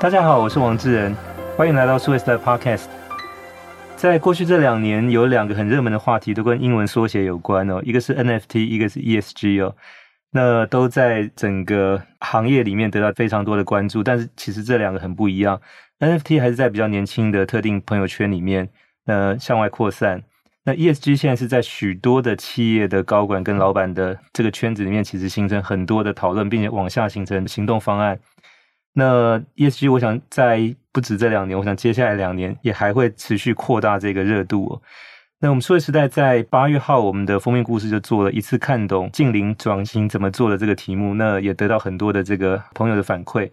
大家好，我是王志仁，歡迎來到 s w i s t e r Podcast。在過去這兩年，有兩個很熱門的話題都跟英文縮寫有關哦，一個是 NFT，一個是 ESG 哦。那都在整個行業裡面得到非常多的關注，但是其實這兩個很不一樣。NFT 還是在比較年輕的特定朋友圈裡面，呃向外擴散；那 ESG 現在是在許多的企業的高管跟老闆的這個圈子裡面，其實形成很多的討論，並且往下形成行動方案。那 ESG，我想在不止這兩年，我想接下來兩年也還會持續擴大這個熱度、哦。那我們數位時代在八月號，我們的封面故事就做了一次看懂淨零轉型怎麼做的這個題目，那也得到很多的這個朋友的反饋。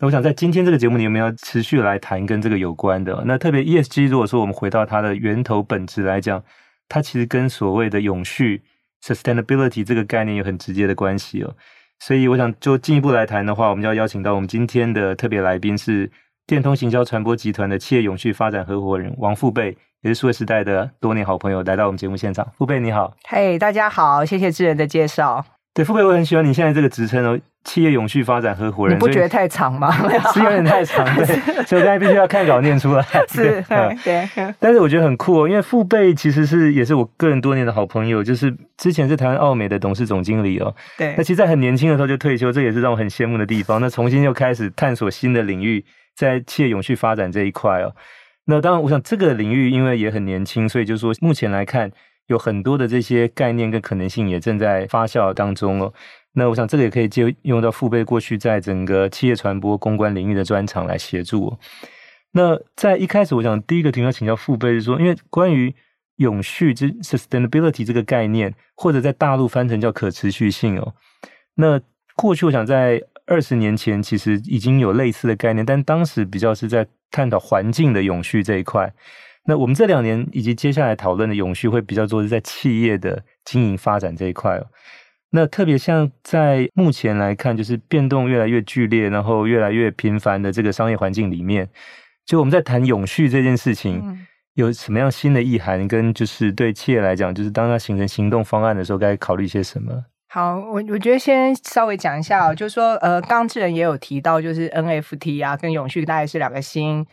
那我想在今天這個節目裡面，我們要持續來談跟這個有關的、啊。那特別 ESG，如果說我們回到它的源頭本質來講，它其實跟所謂的永續 sustainability 這個概念有很直接的關係哦。所以，我想就進一步來談的話，我們就要邀請到我們今天的特別來賓是電通行銷傳播集團的企業永續發展合夥人王馥蓓，也是數位時代的多年好朋友，來到我們節目現場。馥蓓你好，嘿，hey, 大家好，謝謝志仁的介紹。對，馥蓓我很喜歡你現在這個職稱哦，企業永續發展合夥人，你不覺得太長嗎？是有點太長，對 是所以我剛才必須要看稿念出來。是，對。但是我覺得很酷哦，因為馥蓓其實是也是我個人多年的好朋友，就是之前是台灣奧美的董事總經理哦。對。那其實，在很年輕的時候就退休，這也是讓我很羨慕的地方。那重新又開始探索新的領域，在企業永續發展這一塊哦。那當然，我想這個領域因為也很年輕，所以就說目前來看。有很多的這些概念跟可能性也正在發酵當中哦。那我想，這個也可以借用到馥蓓過去在整個企業傳播、公關領域的專長來協助我、哦。那在一開始，我想第一個想要請教馥蓓是說，因為關於永續這 （sustainability） 這個概念，或者在大陸翻成叫可持續性哦。那過去我想在二十年前，其實已經有類似的概念，但當時比較是在探討環境的永續這一塊。那我們這兩年以及接下來討論的永續，會比較多是在企業的經營發展這一塊哦。那特別像在目前來看，就是變動越來越劇烈，然後越來越頻繁的這個商業環境裡面，就我們在談永續這件事情，有什麼樣新的意涵？跟就是對企業來講，就是當它形成行動方案的時候，該考慮一些什麼？好，我我覺得先稍微講一下、哦嗯、就是說，呃，剛志仁也有提到，就是 NFT 啊，跟永續大概是兩個新。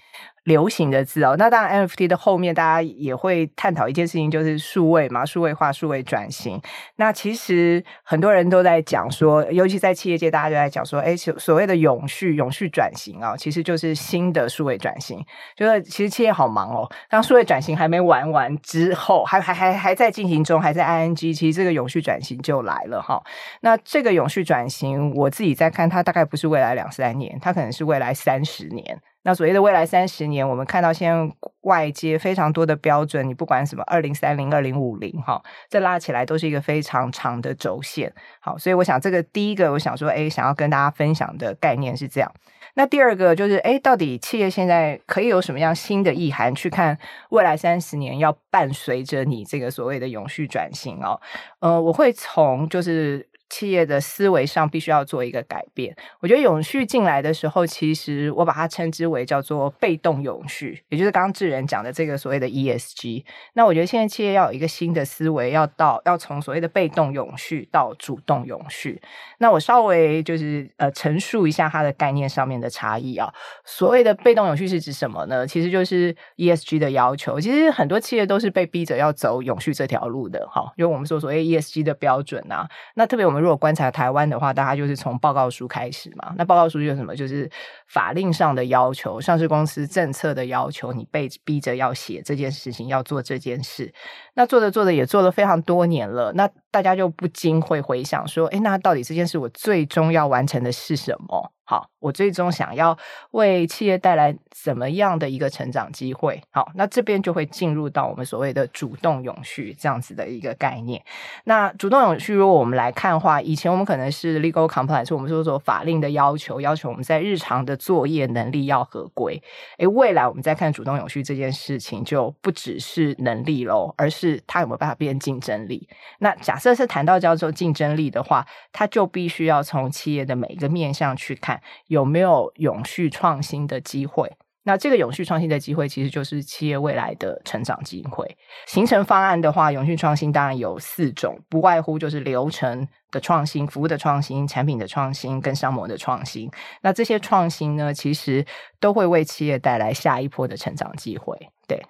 流行的字哦，那當然 NFT 的後面，大家也會探討一件事情，就是數位嘛，數位化、數位轉型。那其實很多人都在講說，尤其在企業界，大家都在講說，誒，所所謂的永續、永續轉型啊、哦，其實就是新的數位轉型。就是其實企業好忙哦，當數位轉型還沒玩完之後，還還還還在進行中，還在 ING，其實這個永續轉型就來了哈、哦。那這個永續轉型，我自己在看，它大概不是未來兩三年，它可能是未來三十年。那所謂的未來三十年，我們看到現在外界非常多的標準，你不管什麼二零三零、二零五零，哈，這拉起來都是一個非常長的軸線。好，所以我想這個第一個，我想說，哎，想要跟大家分享的概念是這樣。那第二個就是，哎，到底企業現在可以有什麼樣新的意涵去看未來三十年？要伴隨着你這個所謂的永續轉型哦。呃，我會從就是。企業的思維上必須要做一個改變。我覺得永續進來的時候，其實我把它稱之為叫做被動永續，也就是剛剛志仁講的這個所謂的 ESG。那我覺得現在企業要有一個新的思維，要到要從所謂的被動永續到主動永續。那我稍微就是呃陳述一下它的概念上面的差異啊。所謂的被動永續是指什麼呢？其實就是 ESG 的要求。其實很多企業都是被逼着要走永續這條路的，哈。因為我們說所謂 ESG 的標準啊，那特別我們。如果觀察台灣的話，大家就是從報告書開始嘛。那報告書有什麼？就是法令上的要求，上市公司政策的要求，你被逼着要寫這件事情，要做這件事。那做着做着也做了非常多年了，那大家就不禁會回想說：誒，那到底這件事我最終要完成的是什麼？好，我最終想要為企業帶來怎麼樣的一個成長機會？好，那這邊就會進入到我們所謂的主動永續這樣子的一個概念。那主動永續，如果我們來看的話，以前我們可能是 legal compliance，我們說做法令的要求，要求我們在日常的作業能力要合規。誒、欸，未來我們再看主動永續這件事情，就不只是能力嘍，而是它有沒有辦法變競爭力？那假設是談到叫做競爭力的話，它就必須要從企業的每一個面向去看。有沒有永續創新的機會？那這個永續創新的機會，其實就是企業未來的成長機會。形成方案的話，永續創新當然有四種，不外乎就是流程的創新、服務的創新、產品的創新跟商模的創新。那這些創新呢，其實都會為企業帶來下一波的成長機會。對，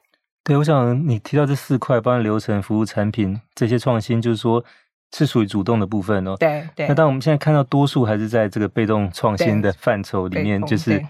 對，我想你提到這四塊，包括流程、服務、產品這些創新，就是說。是屬於主動的部分哦、喔。對對。那當我們現在看到，多數還是在這個被動創新的範疇裡面，就是，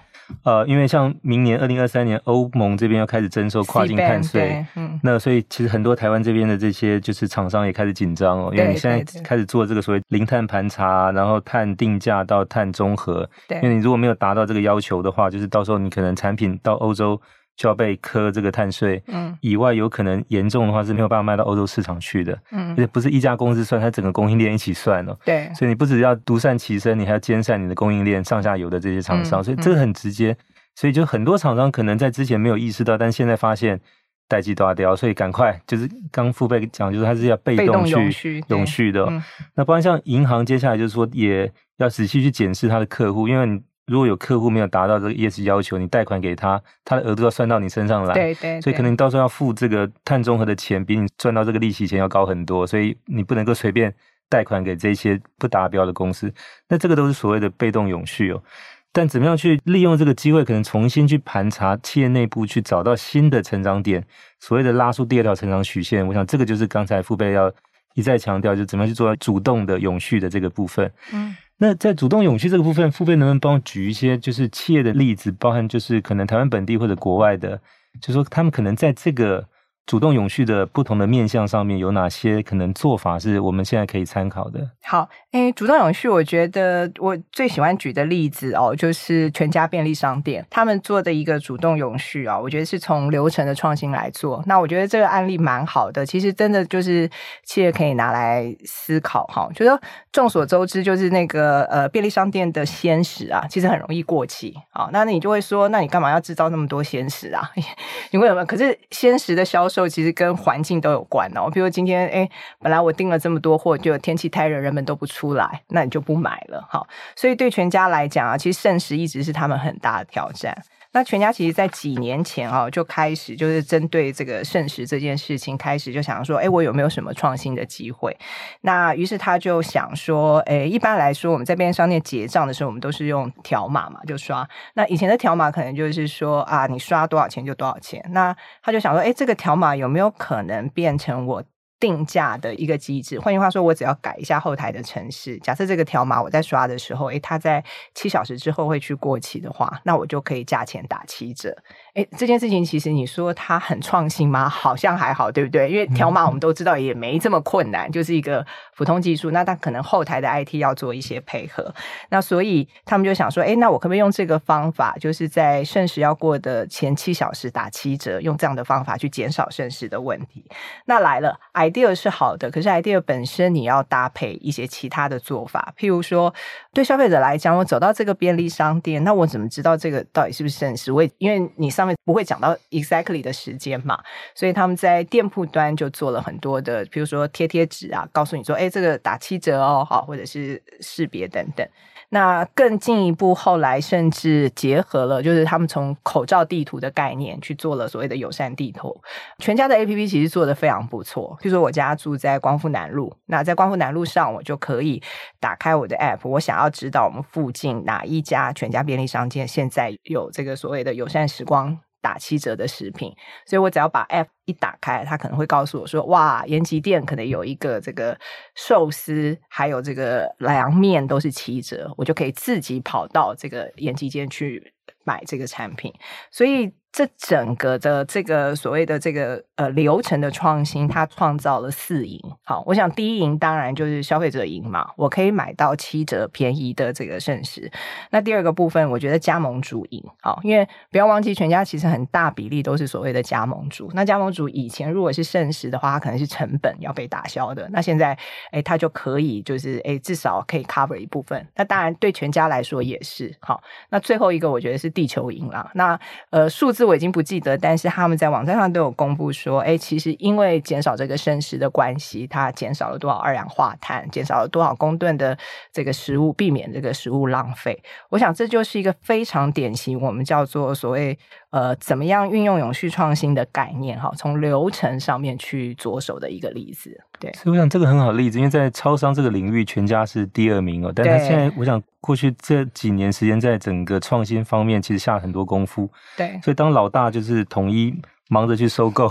呃，因為像明年二零二三年歐盟這邊要開始徵收跨境碳稅，嗯，那所以其實很多台灣這邊的這些就是廠商也開始緊張哦，因為你現在開始做這個所謂零碳盤查，然後碳定價到碳中和，對，因為你如果沒有達到這個要求的話，就是到時候你可能產品到歐洲。就要被課這個碳稅，嗯，以外有可能嚴重的話是沒有辦法賣到歐洲市場去的，嗯，而且不是一家公司算，它整個供應鏈一起算哦，對，所以你不只要獨善其身，你還要兼善你的供應鏈上下游的這些廠商，嗯、所以這個很直接，嗯、所以就很多廠商可能在之前沒有意識到，但現在發現代誌大條，所以趕快就是剛馥蓓講，就是他是要被動去永續,續的、哦，嗯、那不然像銀行接下來就是說也要仔細去檢視他的客戶，因為你。如果有客戶沒有達到這個業績要求，你貸款給他，他的額度要算到你身上來。對對，對，所以可能你到時候要付這個碳中和的錢，比你賺到這個利息錢要高很多，所以你不能夠隨便貸款給這些不達標的公司。那這個都是所謂的被動永續哦。但怎麼樣去利用這個機會，可能重新去盤查企業內部，去找到新的成長點，所謂的拉出第二條成長曲線。我想這個就是剛才馥蓓要一再強調，就怎麼樣去做主動的永續的這個部分。嗯。那在主動永續這個部分，馥蓓能不能幫我舉一些就是企業的例子，包含就是可能台灣本地或者國外的，就說他們可能在這個。主動永續的不同的面向上面有哪些可能做法是我們現在可以參考的？好，哎，主動永續，我覺得我最喜歡舉的例子哦，就是全家便利商店他們做的一個主動永續啊、哦，我覺得是從流程的創新來做。那我覺得這個案例蠻好的，其實真的就是企業可以拿來思考哈、哦。就是、說眾所周知，就是那個呃便利商店的鮮食啊，其實很容易過期啊、哦。那你就會說，那你幹嘛要制造那麼多鮮食啊？ 你為什麼？可是鮮食的銷售其實跟環境都有關哦，我比如今天哎，本來我訂了這麼多貨，就天氣太熱，人們都不出來，那你就不買了，好，所以對全家來講啊，其實剩食一直是他們很大的挑戰。那全家其實在幾年前啊，哦，就開始就是針對這個剩食這件事情，開始就想說，哎，我有沒有什麼創新的機會？那於是他就想說，哎，一般來說我們在便利商店結賬的時候，我們都是用條碼嘛，就刷。那以前的條碼可能就是說啊，你刷多少錢就多少錢。那他就想說，哎，這個條碼有沒有可能變成我？定價的一個機制，換句話說，我只要改一下後台的程式。假設這個條碼我在刷的時候，哎、欸，它在七小時之後會去過期的話，那我就可以價錢打七折。哎，這件事情其實你說它很創新嗎？好像還好，對不對？因為條碼我們都知道也沒這麼困難，嗯、就是一個普通技術。那它可能後台的 IT 要做一些配合。那所以他們就想說，哎，那我可不可以用這個方法，就是在剩食要過的前七小時打七折？用這樣的方法去減少剩食的問題。那來了，idea 是好的，可是 idea 本身你要搭配一些其他的做法。譬如說，對消費者來講，我走到這個便利商店，那我怎麼知道這個到底是不是剩食？我也因為你上他們不會講到 exactly 的時間嘛，所以他們在店鋪端就做了很多的，比如說貼貼紙啊，告訴你說，哎、欸，這個打七折哦，好，或者是識別等等。那更進一步，後來甚至結合了，就是他們從口罩地圖的概念去做了所謂的友善地圖。全家的 APP 其實做得非常不錯，譬如說我家住在光復南路，那在光復南路上，我就可以打開我的 APP，我想要知道我們附近哪一家全家便利商店現在有這個所謂的友善食光。打七折的食品，所以我只要把 App 一打開，它可能會告訴我說：“哇，延吉店可能有一個這個壽司，還有這個涼麵都是七折，我就可以自己跑到這個延吉店去買這個產品。”所以。這整個的這個所謂的這個呃流程的創新，它創造了四贏。好，我想第一贏當然就是消費者贏嘛，我可以買到七折便宜的這個剩食。那第二個部分，我覺得加盟主贏啊，因為不要忘記，全家其實很大比例都是所謂的加盟主。那加盟主以前如果是剩食的話，它可能是成本要被打消的。那現在，哎，它就可以就是哎至少可以 cover 一部分。那當然對全家來說也是好。那最後一個，我覺得是地球贏啦。那呃數字。我已經不記得，但是他們在網站上都有公布說，哎，其實因為減少這個剩食的關係，它減少了多少二氧化碳，減少了多少公噸的這個食物，避免這個食物浪費。我想這就是一個非常典型，我們叫做所謂呃，怎麼樣運用永續創新的概念哈，從流程上面去着手的一個例子。對所以我想這個很好例子，因為在超商這個領域，全家是第二名哦，但是現在我想過去這幾年時間，在整個創新方面，其實下了很多功夫。對，所以當老大就是統一忙着去收購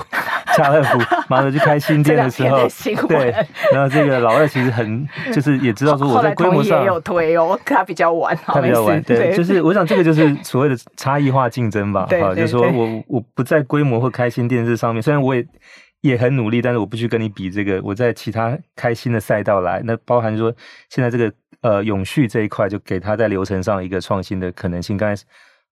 家 樂福，忙着去開新店的時候，對，然後這個老二其實很就是也知道說我在規模上 也有推哦，他比較晚，他比較晚，哦、對，對就是我想這個就是所謂的差異化競爭吧，哈，對對對就是說我我不在規模或開新店這上面，雖然我也。也很努力，但是我不去跟你比這個。我在其他開心的賽道來，那包含說現在這個呃永續這一塊，就給他在流程上一個創新的可能性。剛才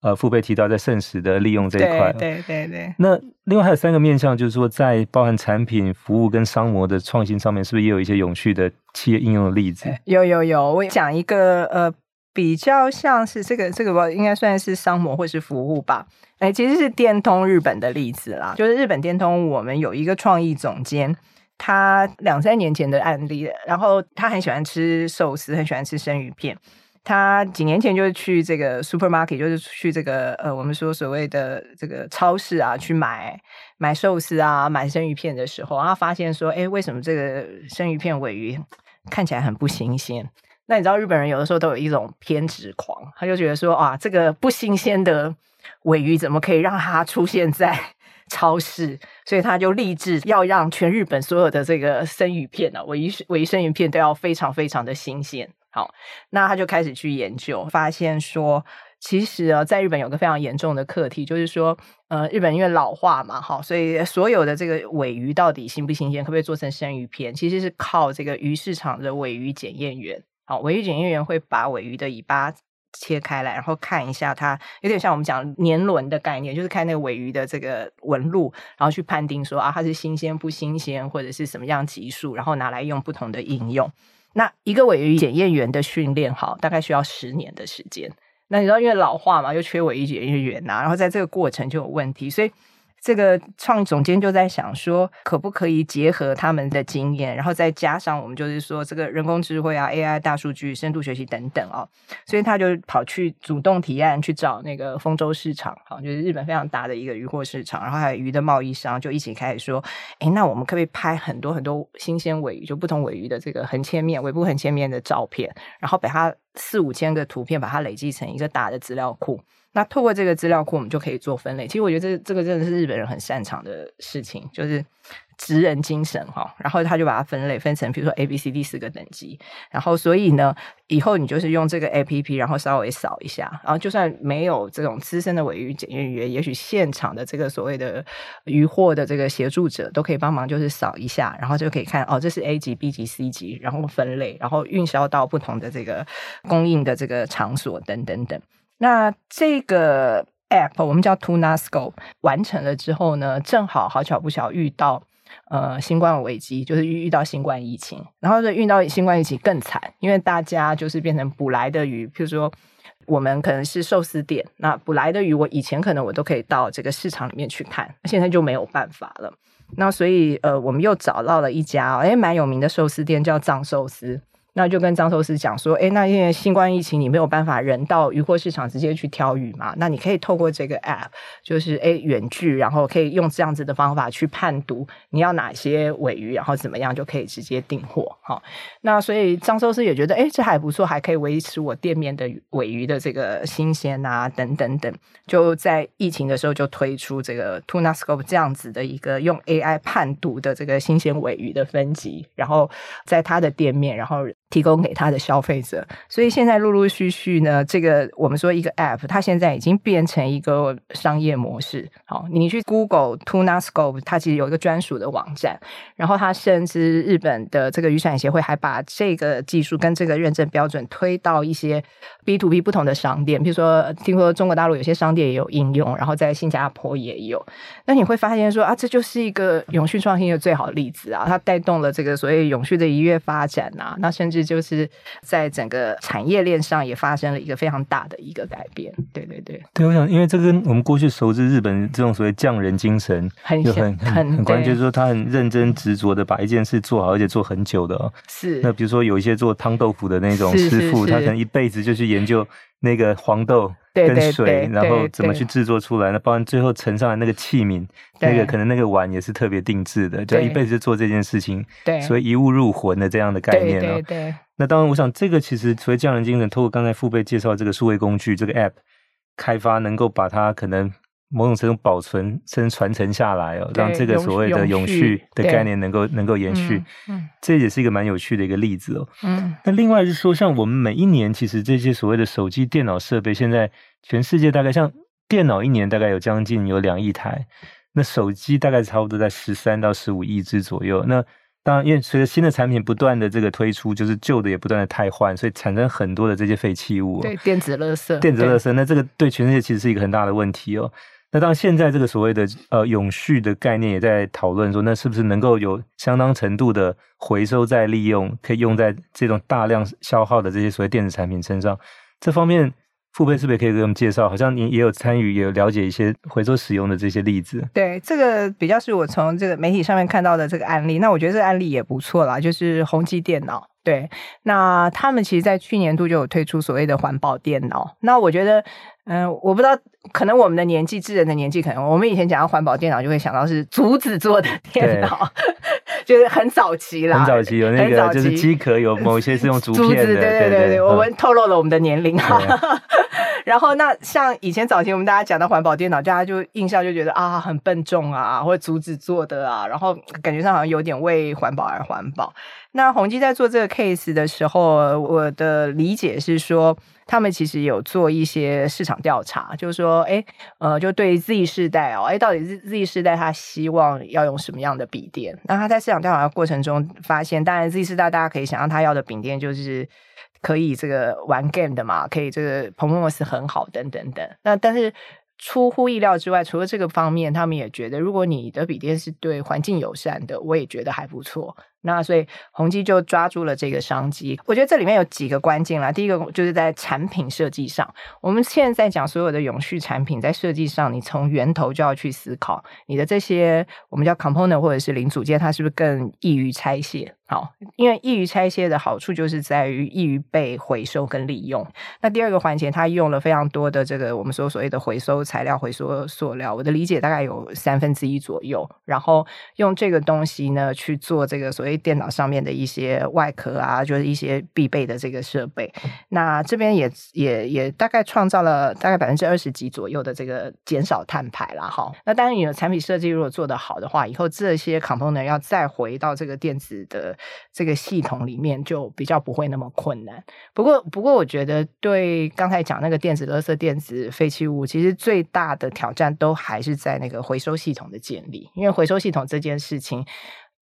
呃馥蓓提到在剩食的利用這一塊，對對對。對對對，那另外還有三個面向，就是說在包含產品、服務跟商模的創新上面，是不是也有一些永續的企業應用的例子？有有有，我講一個呃比較像是這個這個吧，應該算是商模或是服務吧。哎，其實是電通日本的例子啦，就是日本電通，我們有一個創意總監，他兩三年前的案例，然後他很喜歡吃壽司，很喜歡吃生魚片。他幾年前就是去這個 supermarket，就是去這個呃，我們說所謂的這個超市啊，去買買壽司啊，買生魚片的時候，然後他發現說，哎，為什麼這個生魚片鮪魚看起來很不新鮮？那你知道日本人有的時候都有一種偏執狂，他就覺得說，啊，這個不新鮮的。鮪魚怎麼可以讓它出現在超市？所以他就立志要讓全日本所有的這個生魚片呢、啊，鮪魚鮪魚生魚片都要非常非常的新鮮。好，那他就開始去研究，發現說，其實啊，在日本有個非常嚴重的課題，就是說，呃，日本因為老化嘛，哈，所以所有的這個鮪魚到底新不新鮮，可不可以做成生魚片，其實是靠這個魚市場的鮪魚檢驗員。好，鮪魚檢驗員會把鮪魚的尾巴，切開來，然後看一下它，有點像我們講年輪的概念，就是看那個鮪魚的這個紋路，然後去判定說啊，它是新鮮不新鮮，或者是什麼樣級數，然後拿來用不同的應用。那一個鮪魚檢驗員的訓練，好，大概需要十年的時間。那你知道因為老化嘛，又缺鮪魚檢驗員啊，然後在這個過程就有問題，所以。這個創意總監就在想說，可不可以結合他們的經驗，然後再加上我們就是說這個人工智慧啊、AI、大數據、深度學習等等啊，所以他就跑去主動提案去找那個豐州市場，好，就是日本非常大的一個魚貨市場，然後還有魚的貿易商，就一起開始說，誒，那我們可不可以拍很多很多新鮮鮪魚，就不同鮪魚的這個橫切面、尾部橫切面的照片，然後把它四五千個圖片，把它累積成一個大的資料庫。那透過這個資料庫，我們就可以做分類。其實我覺得這這個真的是日本人很擅長的事情，就是職人精神哈。然後他就把它分類，分成比如說 A、B、C、D 四個等級。然後所以呢，以後你就是用這個 APP，然後稍微掃一下，然後就算沒有這種資深的鮪魚檢驗員，也許現場的這個所謂的漁獲的這個協助者都可以幫忙，就是掃一下，然後就可以看哦，這是 A 級、B 級、C 級，然後分類，然後運銷到不同的這個供應的這個場所等等等。那這個 app 我們叫 Tunascope，完成了之後呢，正好好巧不巧遇到呃新冠危機，就是遇遇到新冠疫情，然後就遇到新冠疫情更慘，因為大家就是變成捕來的魚，譬如說我們可能是壽司店，那捕來的魚我以前可能我都可以到這個市場裡面去看，現在就沒有辦法了。那所以呃，我們又找到了一家誒、哎，蠻有名的壽司店，叫藏壽司。那就跟張壽司講說，哎，那因為新冠疫情，你沒有辦法人到魚貨市場直接去挑魚嘛。那你可以透過這個 App，就是哎，遠距，然後可以用這樣子的方法去判讀你要哪些鮪魚，然後怎麼樣就可以直接訂貨哈。那所以張壽司也覺得，哎，這還不錯，還可以維持我店面的鮪魚的這個新鮮啊，等等等。就在疫情的時候，就推出這個 TunaScope 這樣子的一個用 AI 判讀的這個新鮮鮪魚的分級，然後在他的店面，然後。提供給他的消費者，所以現在陸陸續續呢，這個我們說一個 app，它現在已經變成一個商業模式。好，你去 Google Tuna Scope，它其實有一個專屬的網站，然後它甚至日本的這個漁產協會還把這個技術跟這個認證標準推到一些 B to B 不同的商店，比如說聽說中國大陸有些商店也有應用，然後在新加坡也有。那你會發現說啊，這就是一個永續創新的最好的例子啊，它帶動了這個所謂永續的漁業發展啊，那甚至。是，就是在整個產業鏈上也發生了一個非常大的一個改變。對，對，對，對，對，我想，因為這跟我們過去熟知日本這種所謂匠人精神，嗯、就很很很，很關鍵，就是說他很認真執着的把一件事做好，而且做很久的，哦。是。那比如說，有一些做湯豆腐的那種師傅，是是是他可能一輩子就去研究。.那個黃豆跟水，對對對，然後怎麼去製作出來呢？對對對，包括最後盛上來那個器皿，對那個可能那個碗也是特別定製的，對就一輩子就做這件事情。對，所以一物入魂的這樣的概念呢、哦。對對，對對。那當然，我想這個其實作為匠人精神，透過剛才馥蓓介紹這個數位工具，這個 app 開發能夠把它可能。某種程度保存甚至傳承下來哦，讓這個所謂的永續的概念能夠對能夠延續，對這也是一個蠻有趣的一個例子哦。嗯，那另外就是說，像我們每一年，其實這些所謂的手機、電腦設備，現在全世界大概像電腦一年大概有將近有兩億台，那手機大概差不多在十三到十五億只左右。那當然，因為隨着新的產品不斷的這個推出，就是舊的也不斷的汰換，所以產生很多的這些廢棄物、哦，對電子垃圾、電子垃圾。垃圾對那這個對全世界其實是一個很大的問題哦。那當然現在這個所謂的呃永續的概念也在討論說，那是不是能夠有相當程度的回收再利用，可以用在這種大量消耗的這些所謂電子產品身上？這方面，馥蓓，是不是也可以給我們介紹？好像你也有參與，也有了解一些回收使用的這些例子。對，這個比較是我從這個媒體上面看到的這個案例。那我覺得這個案例也不錯啦，就是宏碁電腦。對，那他們其實，在去年度就有推出所謂的環保電腦。那我覺得，嗯、呃，我不知道，可能我們的年紀，智人的年紀，可能我們以前講到環保電腦，就會想到是竹子做的電腦，對 就是很早期了，很早期有那個就是機殼有某些是用竹片的，竹子，對對對對，嗯、我們透露了我們的年齡哈哈哈。 然後，那像以前早期我們大家講到環保電腦，大家就印象就覺得啊，很笨重啊，或者竹子做的啊，然後感覺上好像有點為環保而環保。那宏碁在做這個 case 的時候，我的理解是說，他們其實有做一些市場調查，就是說，哎，呃，就對於 Z 世代哦，哎，到底 Z 世代他希望要用什麼樣的筆電？那他在市場調查過程中發現，當然 Z 世代大家可以想象，他要的筆電就是。可以這個玩 game 的嘛，可以這個彭布羅斯很好，等等等。那但是出乎意料之外，除了這個方面，他們也覺得，如果你的筆電是對環境友善的，我也覺得還不錯。那所以宏基就抓住了這個商機。我覺得這裡面有幾個關鍵啦，第一個就是在產品設計上，我們現在講所有的永續產品，在設計上，你從源頭就要去思考，你的這些我們叫 component 或者是零組件，它是不是更易於拆卸好，因為易於拆卸的好處就是在於易於被回收跟利用。那第二個環節，它用了非常多的這個我們說所謂的回收材料、回收塑料。我的理解大概有三分之一左右，然後用這個東西呢去做這個所謂電腦上面的一些外殼啊，就是一些必備的這個設備。那這邊也也也大概創造了大概百分之二十幾左右的這個減少碳排啦。好，那當然你的產品設計如果做得好的話，以後這些 component 要再回到這個電子的。這個系統裡面就比較不會那麼困難，不過不過我覺得對剛才講那個電子垃圾、電子廢棄物，其實最大的挑戰都還是在那個回收系統的建立，因為回收系統這件事情，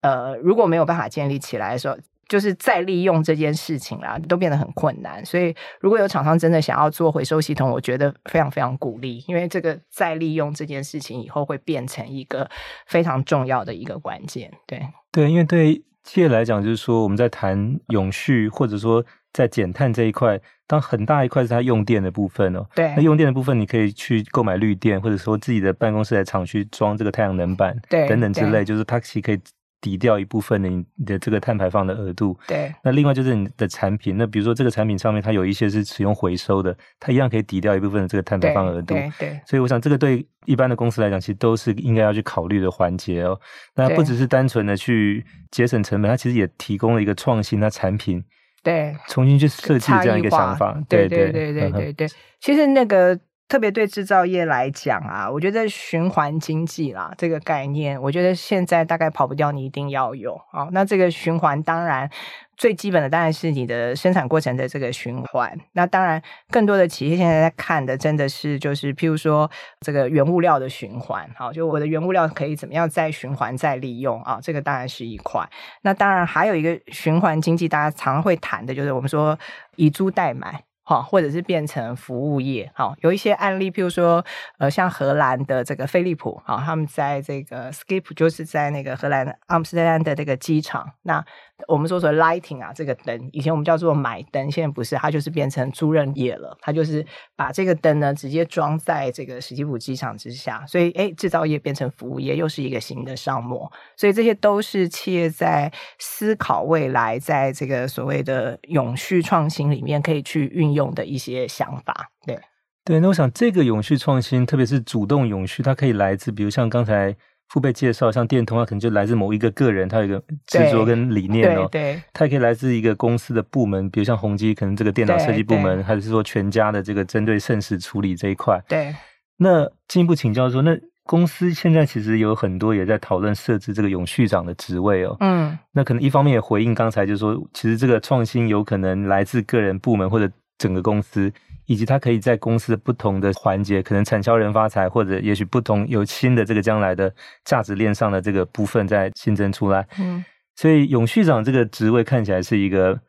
呃，如果沒有辦法建立起來的時候。就是再利用這件事情啦，都變得很困難。所以如果有廠商真的想要做回收系統，我覺得非常非常鼓勵，因為這個再利用這件事情以後會變成一個非常重要的一個關鍵。對對，因為對企業來講，就是說我們在談永續，或者說在減碳這一塊，當很大一塊是它用電的部分哦。對。那用電的部分，你可以去購買綠電，或者說自己的辦公室、在廠區裝這個太陽能板，對等等之類，對就是它其實可以。抵掉一部分的你的這個碳排放的額度，對。那另外就是你的產品，那比如說這個產品上面它有一些是使用回收的，它一樣可以抵掉一部分的這個碳排放額度。對，對，對，所以我想這個對一般的公司來講，其實都是應該要去考慮的環節哦。那不只是單純的去節省成本，對，它其實也提供了一個創新啊產品，對，重新去設計這樣一個想法。對對對、嗯哼，對對對，對，對，其實那個。特別對製造業來講啊，我覺得循環經濟啦這個概念，我覺得現在大概跑不掉，你一定要有啊、哦。那這個循環當然最基本的當然是你的生產過程的這個循環。那當然更多的企業現在在看的真的是就是譬如說這個原物料的循環，好、哦，就我的原物料可以怎麼樣再循環再利用啊、哦，這個當然是一塊。那當然還有一個循環經濟，大家常常會談的就是我們說以租代買。或者是變成服務業。好，有一些案例，譬如說，呃，像荷蘭的這個飛利浦啊，他們在這個 Skip 就是在那個荷蘭阿姆斯特丹的這個機場。那我們說說 Lighting 啊，這個燈，以前我們叫做買燈，現在不是，它就是變成租賃業了。它就是把這個燈呢，直接裝在這個史基普機場之下。所以，誒、欸、制造業變成服務業，又是一個新的商模。所以，這些都是企業在思考未來，在這個所謂的永續創新裡面可以去運用用的一些想法，對對，那我想這個永續創新，特別是主動永續，它可以來自，比如像剛才馥蓓介紹，像電通啊，它可能就來自某一個個人，他有一個執着跟理念哦，對，對，它也可以來自一個公司的部門，比如像宏碁，可能這個電腦設計部門，還是說全家的這個針對剩食處理這一塊，對。那進一步請教說，那公司現在其實有很多也在討論設置這個永續長的職位哦，嗯，那可能一方面也回應剛才就是說，其實這個創新有可能來自個人部門或者，整個公司，以及他可以在公司的不同的環節，可能產銷人發財，或者也許不同有新的這個將來的價值鏈上的這個部分在新增出來。嗯，所以永續長這個職位看起來是一個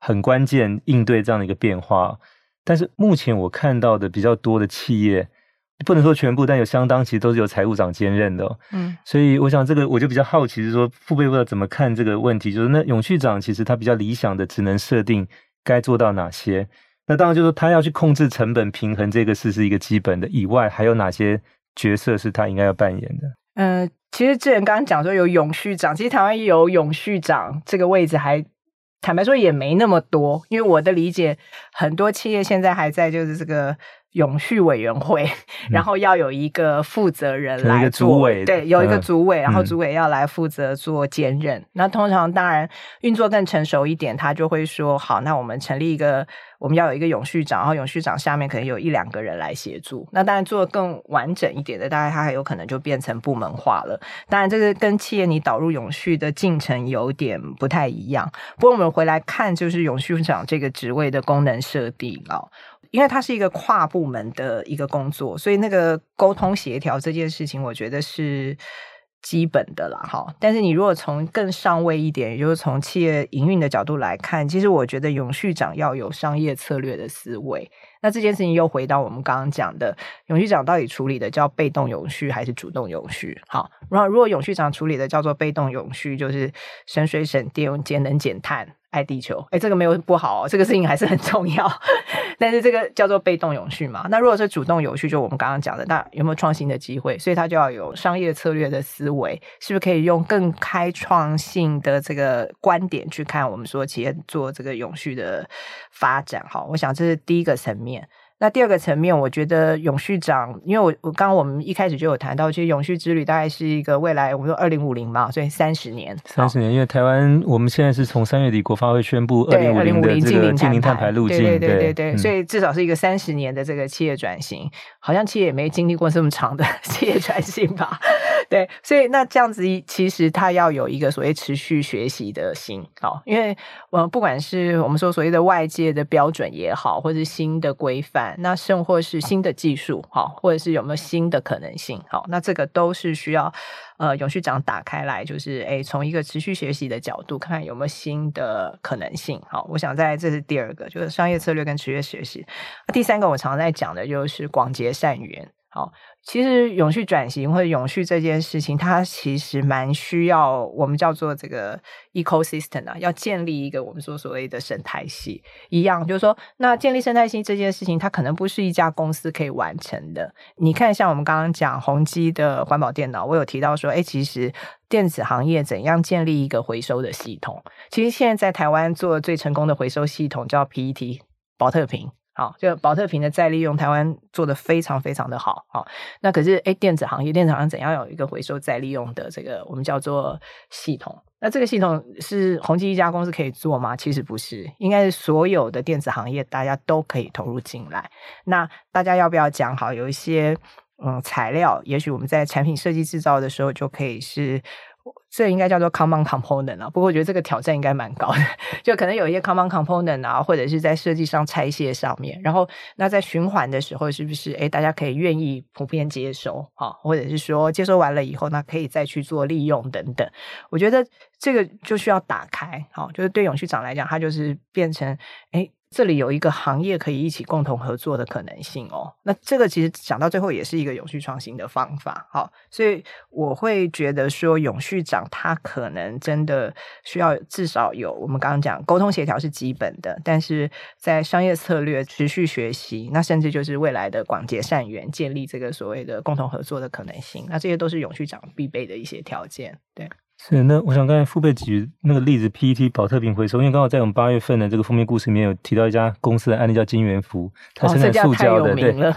很關鍵應對這樣的一個變化。但是目前我看到的比較多的企業，不能說全部，但有相當其實都是由財務長兼任的喔。嗯，所以我想這個我就比較好奇是說，馥蓓不知道怎麼看這個問題，就是那永續長其實他比較理想的職能設定該做到哪些？那當然就是說他要去控制成本、平衡這個事是一個基本的，以外還有哪些角色是他應該要扮演的？嗯、呃，其實之前剛剛講說有永續長，其實台灣也有永續長這個位置還，還坦白說也沒那麼多，因為我的理解，很多企業現在還在就是這個。永續委員會，然後要有一個負責人來做，一個組委對，有一個組委，嗯、然後組委要來負責做兼任。嗯、那通常當然運作更成熟一點，他就會說好，那我們成立一個，我們要有一個永續長，然後永續長下面可能有一兩個人來協助。那當然做更完整一點的，大概他還有可能就變成部門化了。當然，這個跟企業你導入永續的進程有點不太一樣。不過我們回來看，就是永續長這個職位的功能設定啊。哦因為它是一個跨部門的一個工作，所以那個溝通協調這件事情，我覺得是基本的啦。哈。但是你如果從更上位一點，也就是從企業營運的角度來看，其實我覺得永續長要有商業策略的思維。那這件事情又回到我們剛剛講的，永續長到底處理的叫被動永續還是主動永續？好，然後如果永續長處理的叫做被動永續，就是省水省電、用節能減碳。愛地球，哎，這個沒有不好哦，這個事情還是很重要。但是這個叫做被動永續嘛？那如果是主動永續，就我們剛剛講的，那有沒有創新的機會？所以他就要有商業策略的思維，是不是可以用更開創性的這個觀點去看？我們說企業做這個永續的發展，哈，我想這是第一個層面。那第二個層面，我覺得永續長，因為我我剛剛我們一開始就有談到，其實永續之旅大概是一個未來，我們說二零五零嘛，所以三十年，三十年，吧因為台灣我們現在是從三月底國發會宣布二零五零的淨零碳，碳排路徑，對對對，對對嗯、所以至少是一個三十年的這個企業轉型，好像企業也沒經歷過這麼長的企業轉型吧？對，所以那這樣子，其實他要有一個所謂持續學習的心，好、哦，因為我們不管是我們說所謂的外界的標準也好，或者是新的規範。那甚或是新的技術，好，或者是有沒有新的可能性，好，那這個都是需要呃，永續長打開來，就是誒從、欸、一個持續學習的角度，看看有沒有新的可能性，好，我想在這是第二個，就是商業策略跟持續學習。那第三個我常在講的就是廣結善緣。哦，其實永續轉型或者永續這件事情，它其實蠻需要我們叫做這個 ecosystem 啊，要建立一個我們說所謂的生態系。一樣就是說，那建立生態系這件事情，它可能不是一家公司可以完成的。你看，像我們剛剛講宏碁的環保電腦，我有提到說，哎，其實電子行業怎樣建立一個回收的系統？其實現在在台灣做最成功的回收系統叫 PET，寶特瓶。好，就寶特瓶的再利用，台灣做得非常非常的好啊、哦。那可是，誒、欸、電子行業、電子行業怎樣有一個回收再利用的這個我們叫做系統？那這個系統是宏碁一家公司可以做嗎？其實不是，應該是所有的電子行業大家都可以投入進來。那大家要不要講？好，有一些嗯材料，也許我們在產品設計製造的時候就可以是。這應該叫做 common component 啊，不過我覺得這個挑戰應該蠻高的，就可能有一些 common component 啊，或者是在設計上拆卸上面，然後那在循環的時候，是不是，誒，大家可以願意普遍接收啊，或者是說接收完了以後，那可以再去做利用等等，我覺得這個就需要打開，好，就是對永續長來講，它就是變成誒這裡有一個行業可以一起共同合作的可能性哦，那這個其實講到最後也是一個永續創新的方法。好、哦，所以我會覺得說，永續長他可能真的需要至少有我們剛剛講溝通協調是基本的，但是在商業策略持續學習，那甚至就是未來的廣結善緣，建立這個所謂的共同合作的可能性，那這些都是永續長必備的一些條件，對。是，那我想剛才馥蓓舉，舉那個例子，PET 保特瓶回收，因為剛好在我們八月份的這個封面故事裡面有提到一家公司的案例，叫金元福，哦、它生產塑膠的對。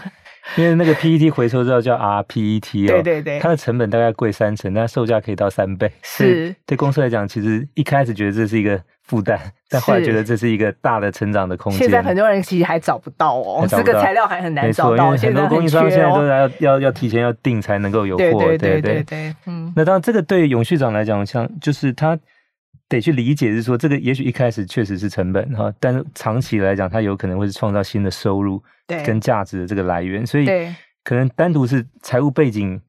因為那個 PET 回收之後叫 RPET 哦，對對對，它的成本大概貴三成，但售價可以到三倍，是。對公司來講，其實一開始覺得這是一個負擔，但後來覺得這是一個大的成長的空間。現在很多人其實還找不到哦，到這個材料還很難找到，因為很多供應商現在都現在、哦、要要要提前要訂才能夠有貨，對，對對對對。對對對，嗯，那當然這個對永續長來講，像就是他。得去理解是說，這個也許一開始確實是成本哈，但是長期來講，它有可能會是創造新的收入跟價值的這個來源，對所以可能單獨是財務背景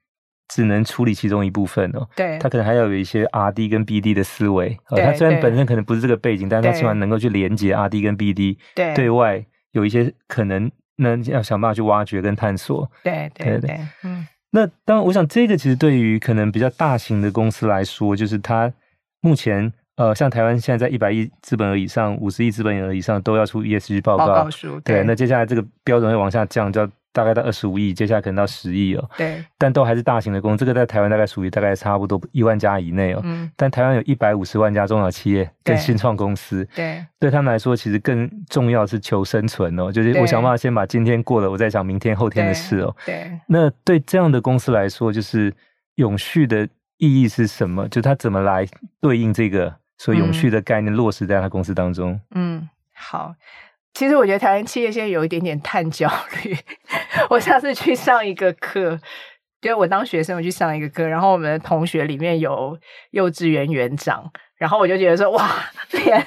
只能處理其中一部分哦，對，他可能還要有一些 R D 跟 B D 的思維。對，他雖然本身可能不是這個背景，對但是他起碼能夠去連接 R D 跟 B D，對，對外有一些可能能要想辦法去挖掘跟探索。對對對，對對嗯。那當然，我想這個其實對於可能比較大型的公司來說，就是它目前。呃，像台灣現在在一百億資本額以上，五十億資本額以上都要出 ESG 報告，報告書，對，對。那接下來這個標準會往下降，就大概到二十五億，接下來可能到十億哦。對。但都還是大型的公司，這個在台灣大概屬於大概差不多一萬家以內哦。嗯。但台灣有一百五十萬家中小企業跟新創公司，對。對他們來說，其實更重要是求生存哦，就是我想辦法先把今天過了，我再想明天後天的事哦。對。對那對這樣的公司來說，就是永續的意義是什麼？就它怎麼來對應這個？所以永續的概念落實在他公司當中。嗯，好，其實我覺得台灣企業現在有一點點碳焦慮。 我上次去上一個課，對，我當學生，我去上一個課，然後我們的同學裡面有幼稚園園長。然後我就覺得說，哇，連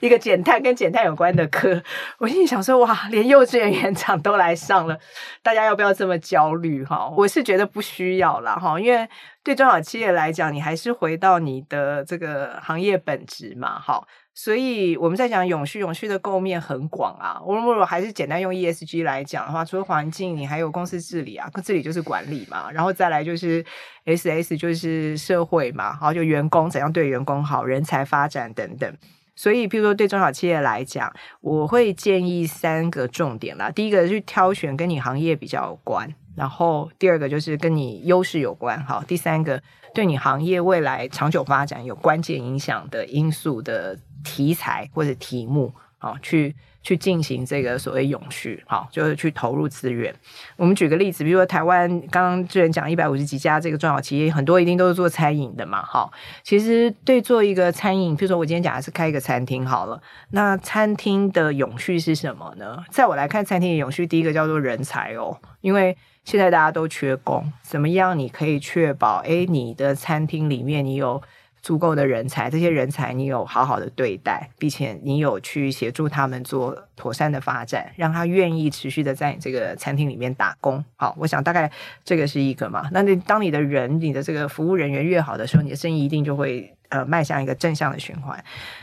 一個減碳跟減碳有關的課，我心想說，哇，連幼稚園園長都來上了，大家要不要這麼焦慮哈？我是覺得不需要啦。哈，因為對中小企業來講，你還是回到你的這個行業本質嘛，哈。所以我們在講永續，永續的構面很廣啊。我如果還是簡單用 ESG 來講的話，除了環境，你還有公司治理啊，治理就是管理嘛，然後再來就是 SS 就是社會嘛，然後就員工怎樣對員工好，人才發展等等。所以，比如說對中小企業來講，我會建議三個重點啦。第一個是挑選跟你行業比較有關。然後第二個就是跟你優勢有關哈，第三個對你行業未來長久發展有關鍵影響的因素的題材或者題目啊，去去進行這個所謂永續哈，就是去投入資源。我們舉個例子，比如說台灣剛剛之前講一百五十幾家這個中小企業，很多一定都是做餐飲的嘛哈。其實對做一個餐飲，比如說我今天講的是開一個餐廳好了，那餐廳的永續是什麼呢？在我來看，餐廳的永續第一個叫做人才哦，因為現在大家都缺工，怎麼樣？你可以確保，哎，你的餐廳裡面你有足夠的人才，這些人才你有好好的對待，並且你有去協助他們做妥善的發展，讓他願意持續的在你這個餐廳裡面打工。好，我想大概這個是一個嘛。那你當你的人，你的這個服務人員越好的時候，你的生意一定就會呃邁向一個正向的循環。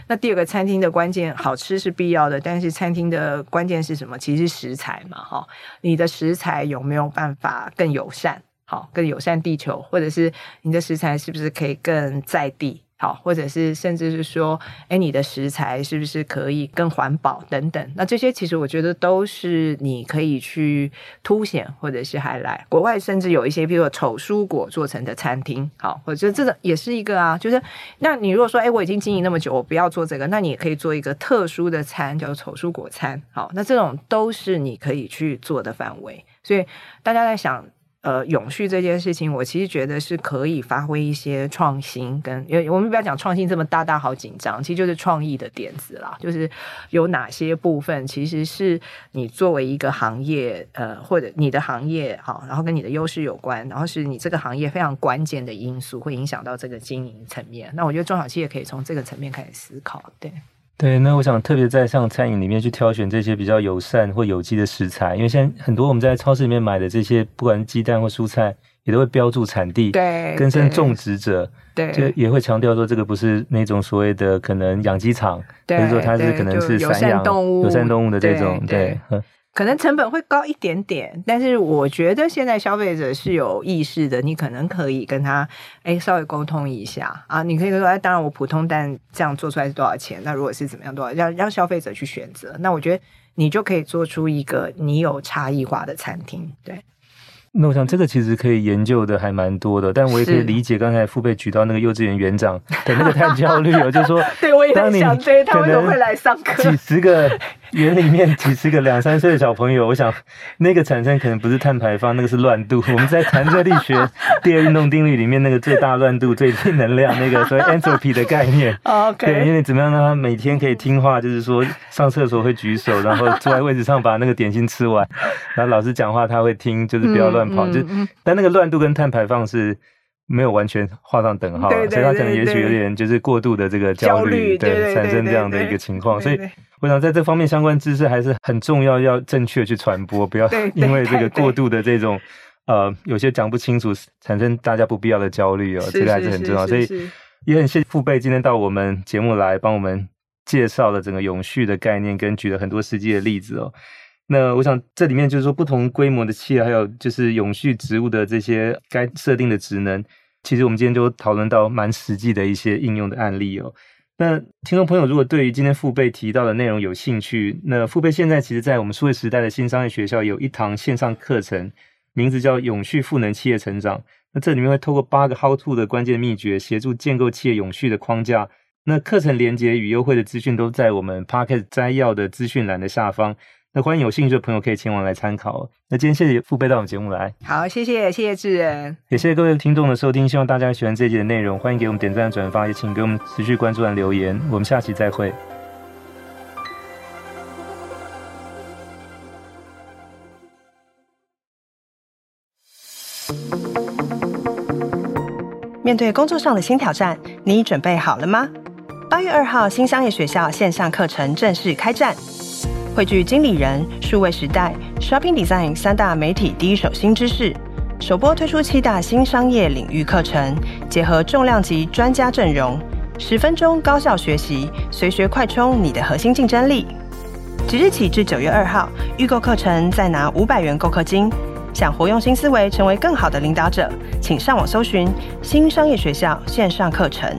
那第二個餐廳的關鍵，好吃是必要的，但是餐廳的關鍵是什麼？其實食材嘛，哈、哦，你的食材有沒有辦法更友善？好，更友善地球，或者是你的食材是不是可以更在地？好，或者是甚至是說，哎，你的食材是不是可以更環保等等？那這些其實我覺得都是你可以去凸顯，或者是還來國外，甚至有一些比如說醜蔬果做成的餐廳，好，我覺得這個也是一個啊。就是那你如果說，哎，我已經經營那麼久，我不要做這個，那你也可以做一個特殊的餐，叫做醜蔬果餐。好，那這種都是你可以去做的範圍。所以大家在想。呃，永續這件事情，我其實覺得是可以發揮一些創新跟、跟因為我們不要講創新這麼大大好緊張，其實就是創意的點子啦，就是有哪些部分其實是你作為一個行業，呃，或者你的行業哈、哦，然後跟你的優勢有關，然後是你這個行業非常關鍵的因素，會影響到這個經營層面。那我覺得中小企業可以從這個層面開始思考，對。對，那我想特別在像餐飲裡面去挑選這些比較友善或有機的食材，因為現在很多我們在超市裡面買的這些，不管是雞蛋或蔬菜，也都會標註產地、對根生種植者，對，也會強調說這個不是那種所謂的可能養雞場，比如對說它是可能是散養有友善動物的這種，對。對對。可能成本會高一點點，但是我覺得現在消費者是有意識的，你可能可以跟他哎、欸、稍微溝通一下啊，你可以說哎、啊，當然我普通蛋，這樣做出來是多少錢？那如果是怎麼樣多少，讓讓消費者去選擇。那我覺得你就可以做出一個你有差異化的餐廳。對，那我想這個其實可以研究的還蠻多的，但我也可以理解剛才馥蓓舉到那個幼稚園園長，那個太焦慮了， 就是說 對，我也在想，追，他們都會來上課？幾十個。園裡面幾十個兩三歲的小朋友，我想那個產生可能不是碳排放，那個是亂度。我們在談熱力學第二運動定律裡面那個最大亂度、最低能量那個，所謂 entropy 的概念。Okay. 對，因為怎麼樣讓他每天可以聽話，就是說上廁所會舉手，然後坐在位置上把那個點心吃完，然後老師講話他會聽，就是不要亂跑。嗯嗯嗯、就但那個亂度跟碳排放是。沒有完全畫上等號，對對對對對，所以它可能也許有點就是過度的這個焦慮，焦慮，對產生這樣的一個情況。所以我想在這方面相關知識還是很重要，要正確去傳播，不要對對對，因為這個過度的這種對對對呃有些講不清楚，產生大家不必要的焦慮哦，是是是是這個還是很重要。是是是是，所以也很謝謝馥蓓今天到我們節目來幫我們介紹了整個永續的概念，跟舉了很多實際的例子哦。那我想這裡面就是說不同規模的企業，還有就是永續職務的這些該設定的職能。其實我們今天就討論到蠻實際的一些應用的案例哦。那聽眾朋友如果對於今天馥蓓提到的內容有興趣，那馥蓓現在其實，在我們數位時代的新商業學校，有一堂線上課程，名字叫“永續賦能企業成長”。那這裡面會透過八個 how to 的關鍵祕訣，協助建構企業永續的框架。那課程連結與優惠的資訊都在我們 podcast 摘要的資訊欄的下方。那歡迎有興趣的朋友可以前往來參考。那今天謝謝馥蓓到我們節目來，好，謝謝謝謝志仁，也謝謝各位聽眾的收聽，希望大家喜歡這一集的內容，歡迎給我們點讚轉發，也請給我們持續關注和留言。我們下期再會。面對工作上的新挑戰，你準備好了嗎？八月二號，新商業學校線上課程正式開戰。匯聚經理人、數位時代、Shopping Design 三大媒體第一手新知識，首波推出七大新商業領域課程，結合重量級專家陣容，十分鐘高效學習，隨學快充你的核心競爭力。即日起至九月二號，預購課程再拿五百元購課金。想活用新思維，成為更好的領導者，請上網搜尋“新商業學校”線上課程。